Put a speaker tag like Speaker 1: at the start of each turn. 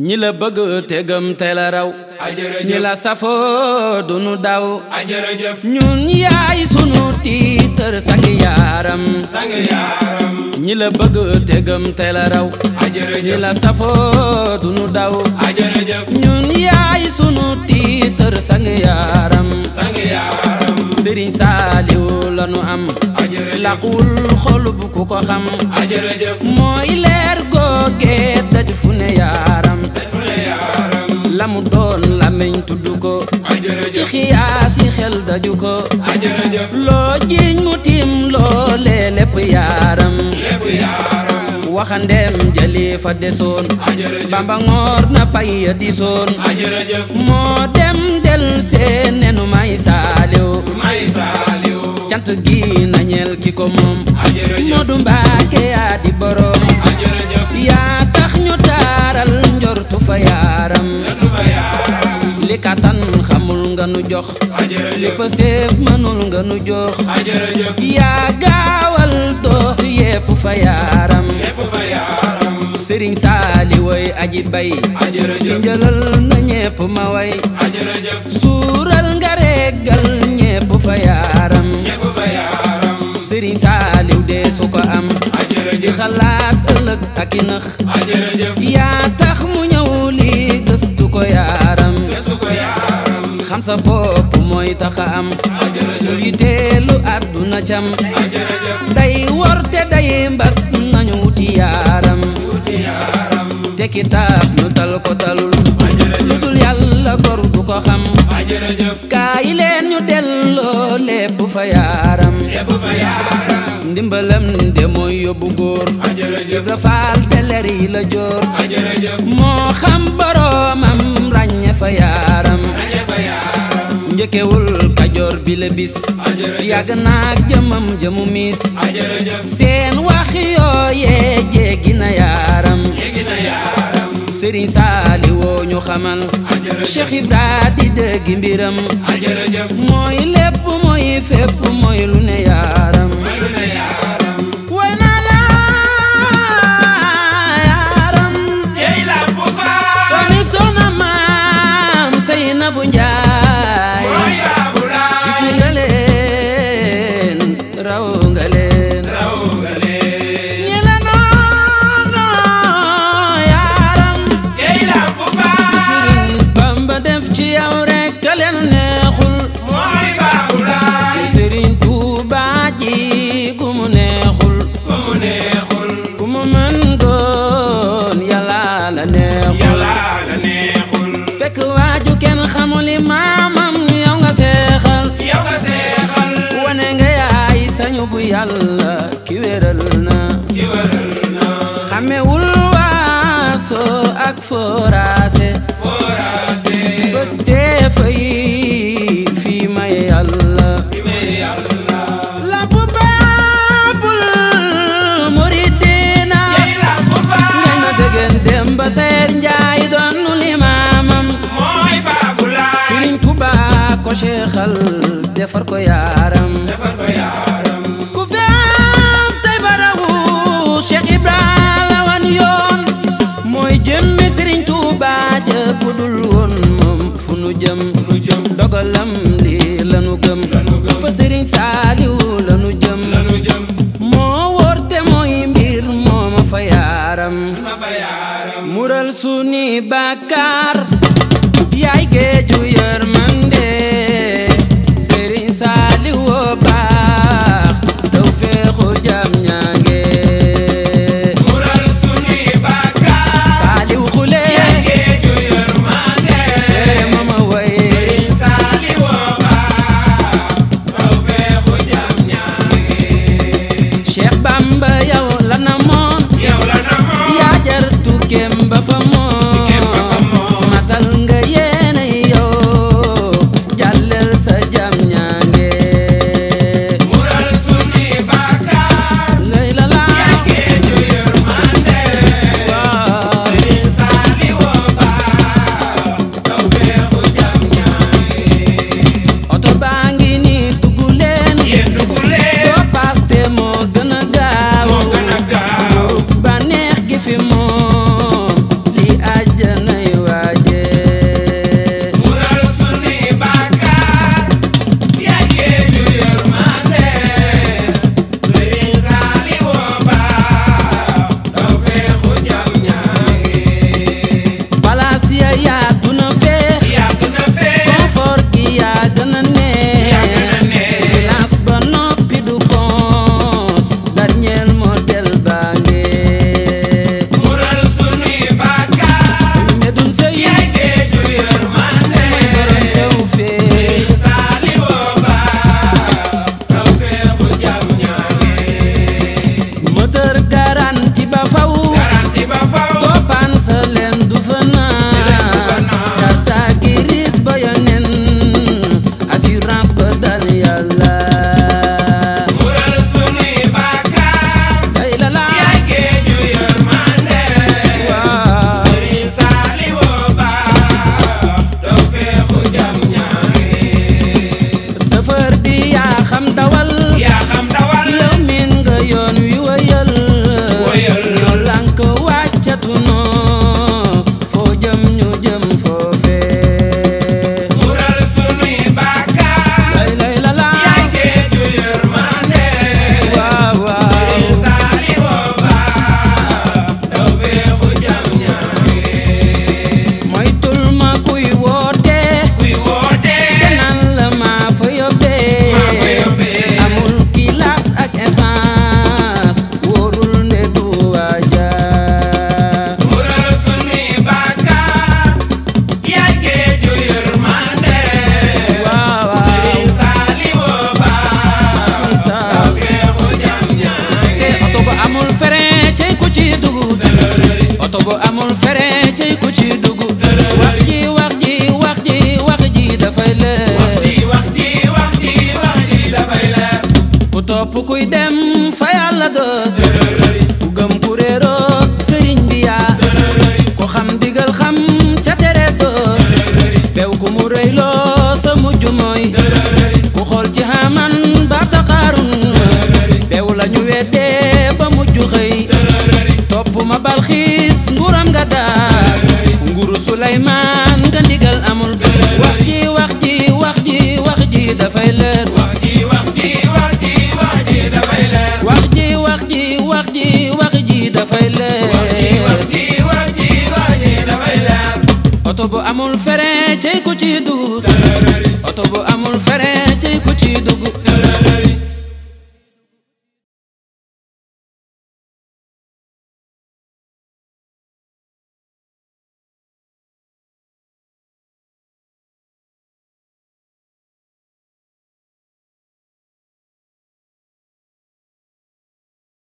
Speaker 1: ñi la bëgg tegam te la raw ah, ñi la safoo dunu daw ah, ñun yaay sunu tiitër sang yaaram ñi la bëgg tegam te la raw ah, ñi la ñun yaay sunu tiitër sang yaaram sëriñ saaliw lanu am laxul xolub ku ko xam mooy leer googee mu doon làmmiñ tudd ko ci xiyaas yi xel daju ko loo jiñ mu tiim loolee lépp yaaram waxandeem jëli fa desoon bamba ngoor na pay ya disoon moo dem del see nenu may saaliw cant gi nañeel ki ko moom Moodu Mbàkke yaa di boroom fa yaaram li katan xamul nga nu jox li fa seef manul nga nu jox ya gawal doox yep fa yaaram sëriñ saali aji bay ki njëlal na ñepp ma way sural nga regal ñepp fa yaaram sëriñ saaliw dee su ko am di xalaat ak i nax yaa tax mu ñëw lii gëstu ko yaaram xam sa bopp mooy taxa am bul yiteelu àdduna cam day wor te day mbas nañu wuti yaaram te kitaab nu tal ko talul lu dul yàlla gor du ko xam kaay leen ñu delloo lépp fa yaaram ndimbalam de mooy yóbbu góor Ibra fal teleer yi la jor mo xam am ràññe fa yaaram ka jor bi le bis yàgg naag jëmam jëmu mis, seen wax yooyee jéggi na yaram sëriñ sali wo ñu xamal Cheikh Ibra di dëggi mbiram moy lepp moy fepp moy lu ne yaram bunja wéral na xamewul waaso ak forase bés dee fay fi may yàlla seer njaay doonu limaamam mooy baabulaay Sëriñ Tuubaa ko seexal defar ko yaara gëm fa jëm moo wóor te mooy moo ma fa yaaram mural suni bàkkaar yaay geeju fa yàlla doot bandido